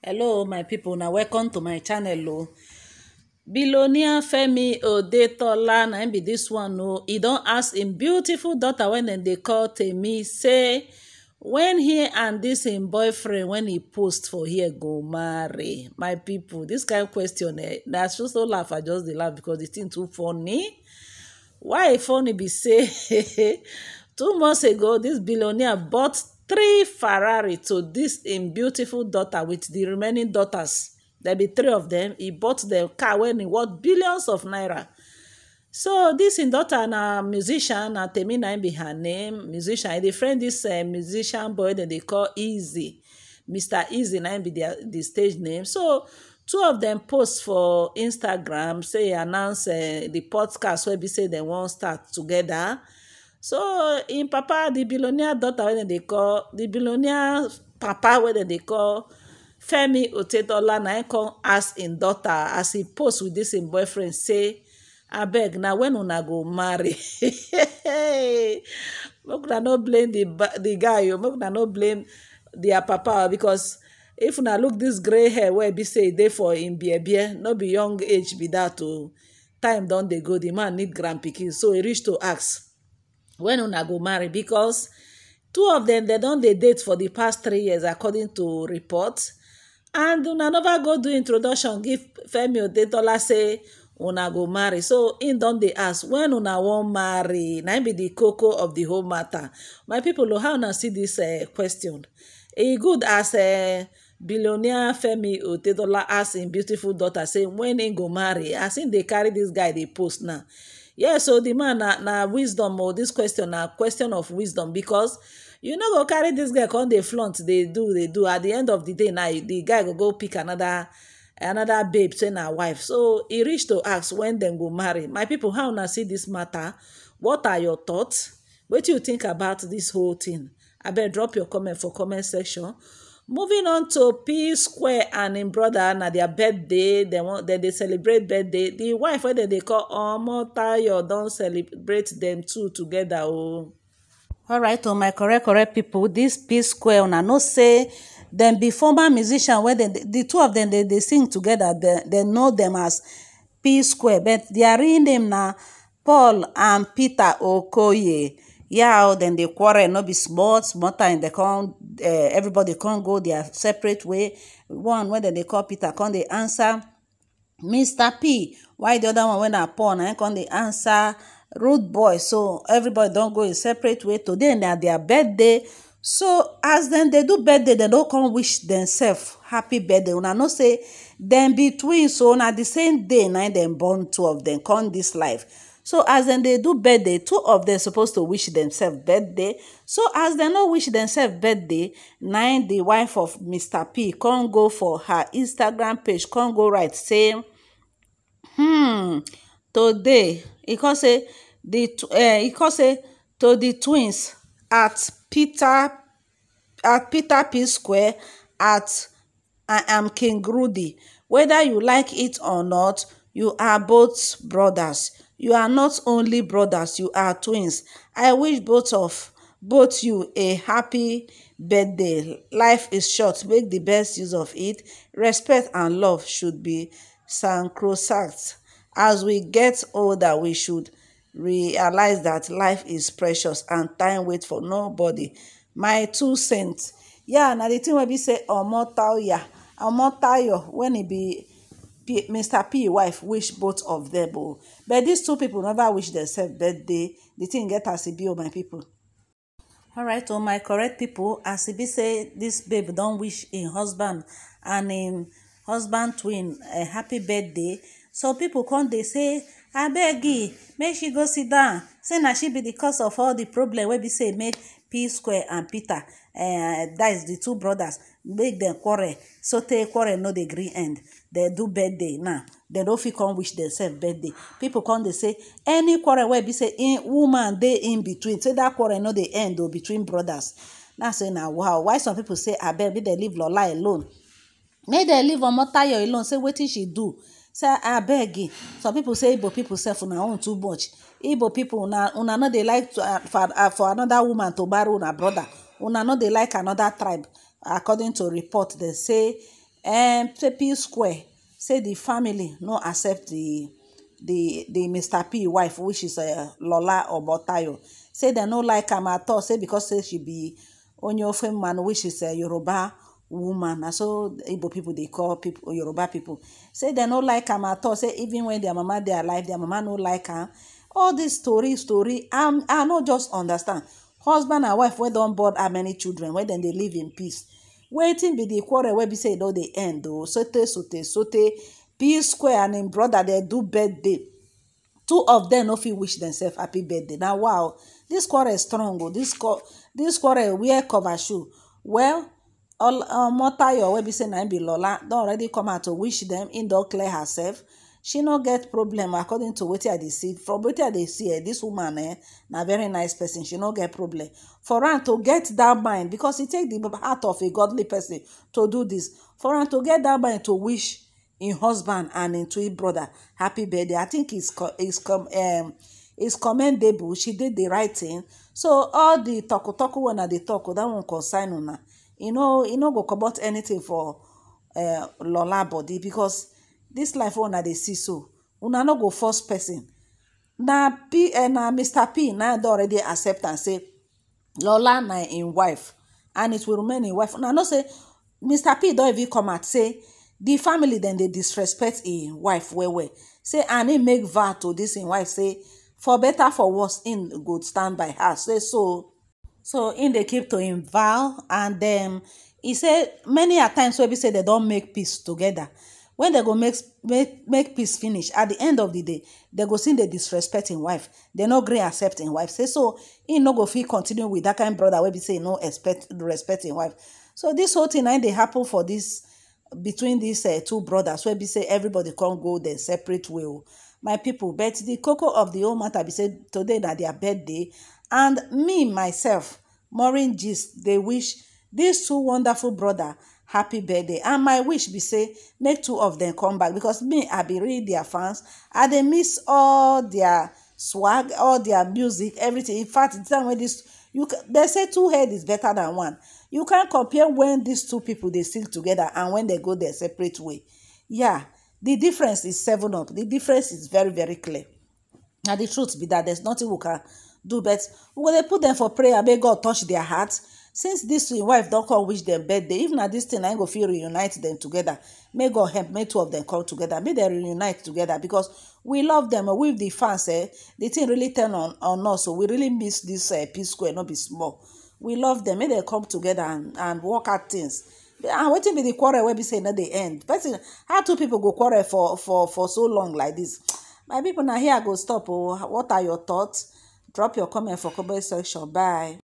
hello my people na welcome to my channel o oh. billionaire femi odetola na im be this one o oh. he don ask im beautiful daughter wey dem dey call temi say when he and this im boyfriend when he post for here go marry my pipo dis kain question eh na so so laugh i just dey laugh because di tin too funny why e funny be say two months ago this billionaire bought three ferrari to this in beautiful daughter with the remaining daughters there be three of them. He bought the car when he worth billions of naira so this in daughter na musician na temina im be her name musician e dey friend dis eh, musician boy dem they call easy mr easy na im be the stage name so two of them post for instagram say e announce eh, the podcast wey be say they won't start together so im papa di billionaire daughter wey dem dey call di billionaire papa wey dem dey call femi otedola na im come ask im daughter as e post with dis im boyfriend say abeg na wen una go marry make una no blame di guy o oh. make una no blame dia papa oh, because if una look dis grey hair wey be say e dey for im beer no be young age be dat o oh. time don dey go di man need grand so e reach to ask When una go marry because two of them they don dey date for the past three years according to report and una never go do introduction give femi odetola say una go marry so im don dey ask when una wan marry na be the koko of the whole matter my people oh, how una see dis eh, question e good as eh, billionaire femi otedola ask im beautiful daughter say when im go marry as im dey carry this guy dey post now yeah so the man na wisdom or this question a question of wisdom because you know go carry this guy on the front they do they do at the end of the day now the guy go go pick another another babe say na wife so he reach to ask when them go marry my people how na see this matter what are your thoughts do you think about this whole thing I better drop your comment for comment section moving on to p square and im brother na their birthday They want dem they celebrate birthday The wife wey dem dey call omotayo Don't celebrate them two togeda o alright o oh, my correct correct people. This p square una know say then be former musician wey the two of them they they sing together. They they know them as p square but dia real name na paul and peter okoye yeah oh, then they quarrel no be small small time dem come eh, everybody can't go their separate way one when they call peter can they answer mr p why the other one when I paul na him eh, come they answer rude boy so everybody don't go in separate way today are their birthday so as then they do birthday don't come wish themselves happy birthday I know say then be twins so na the same day nine dem born two of them, come this life so as dem dey do birthday two of them supposed to wish themselves birthday so as they no wish themselves birthday nine the wife of mr p con go for her instagram page con go right. say hmm today e con eh, e say to di twins at peter at peter p square at i am king rudy whether you like it or not you are both brothers You are not only brothers, you are twins. I wish both of both you a happy birthday. Life is short. Make the best use of it. Respect and love should be sacrosanct. As we get older, we should realize that life is precious and time waits for nobody. My two cents. Yeah, now the thing what be say omo tayo, omo tayo when it be Mr. P wife wish both of them o but these two people never wish themselves birthday the thing get as e be o oh, my people. alright all oh, my correct people as e say this babe don't wish in e husband and in e husband twin a happy birthday So people come they say I beg abeg make she go sit down say na she be the cause of all the problem where be say make p square and peter uh, that is the two brothers make dem quarrel sotey quarrel no dey gree end dem do birthday now dem no fit come wish themselves birthday pipo come dey say any quarrel wey be say in woman dey in between say dat quarrel no dey end o oh, between brothers. na say na wow why some pipo say abeg be dem leave lola alone make dem leave omotayo alone say wetin she do say abeg eh. some pipo say igbo pipo sef una own too much igbo pipo una una no dey like to uh, for uh, for anoda woman to marry una broda una no dey like anoda tribe according to report dem say. Eh, and p square say the family no accept the mr p wife which is a eh, lola or Botayo. say they no like him at all say because say she be your friend man which is a eh, yoruba woman na so igbo they call call yoruba people. say they no like him at all say even when their mama are alive their mama no like her. all this story story i no just understand husband and wife don't board how many children wey then they live in peace wetin be the quarrel wey be say e no dey end o oh? sote sote sote p square and im broda dem do birthday two of them, no fit wish themselves happy birthday na wow this quarrel strong o oh. this quarrel wear cover shoe well omotayo wey be say na im be lola don already come out to wish them. im don clear herself she no get problem according to what i they see from what i they see eh, This woman eh na very nice person she no get problem for her to get that mind because it take the heart of a godly person to do this. for her to get that mind to wish in husband and im twin brother happy birthday i think it's it's um is commendable she did the right thing so all the talko talko one and the talk oh, that one concern una you know go about anything for eh, lola body because dis life wey una dey see so una no go force person na p eh, na mr p na don already accept am say lola na im wife and it will remain im wife una know say mr p don even come out say di family dem dey disrespect im wife well well say and im make vow to dis im wife say for beta for worse im go stand by her say so so im dey keep to im vow and dem um, e say many a times wey be say dem don make peace togeda. When they go make make peace finish at the end of the day they go see the disrespecting wife They no gree accepting wife say so im no go fit continue with that kind brother We be say no respect respecting wife so this whole thing na they happen for this between these eh, two brothers where be say everybody can go their separate way oh. my people, but the cocoa of the whole matter be said today that their birthday and me myself maureen gist they wish these two wonderful brother happy birthday and my wish be say make two of them come back because me i be really their fans i dey miss all their swag all their music everything in fact the time wey this you they say two head is better than one you can compare when these two people dey sing together and when they go their separate way yeah the difference is seven up the difference is very very clear na the truth be that there's nothing we can do but we go dey put them for prayer make god touch their hearts. since this dis wife don come wish them birthday even at this thing na im go feel reunite them together. May god help may two of them come together, may they reunite together because we love them. Oh, we the fans eh The thing really turn on on us so oh. we really miss this eh, peace square not be small we love them, may they come together and and work out things and waiting be the quarrel wey be say at the end But how two people go quarrel for for for so long like this? my people now here go stop oh what are your thoughts drop your comment for comment section bye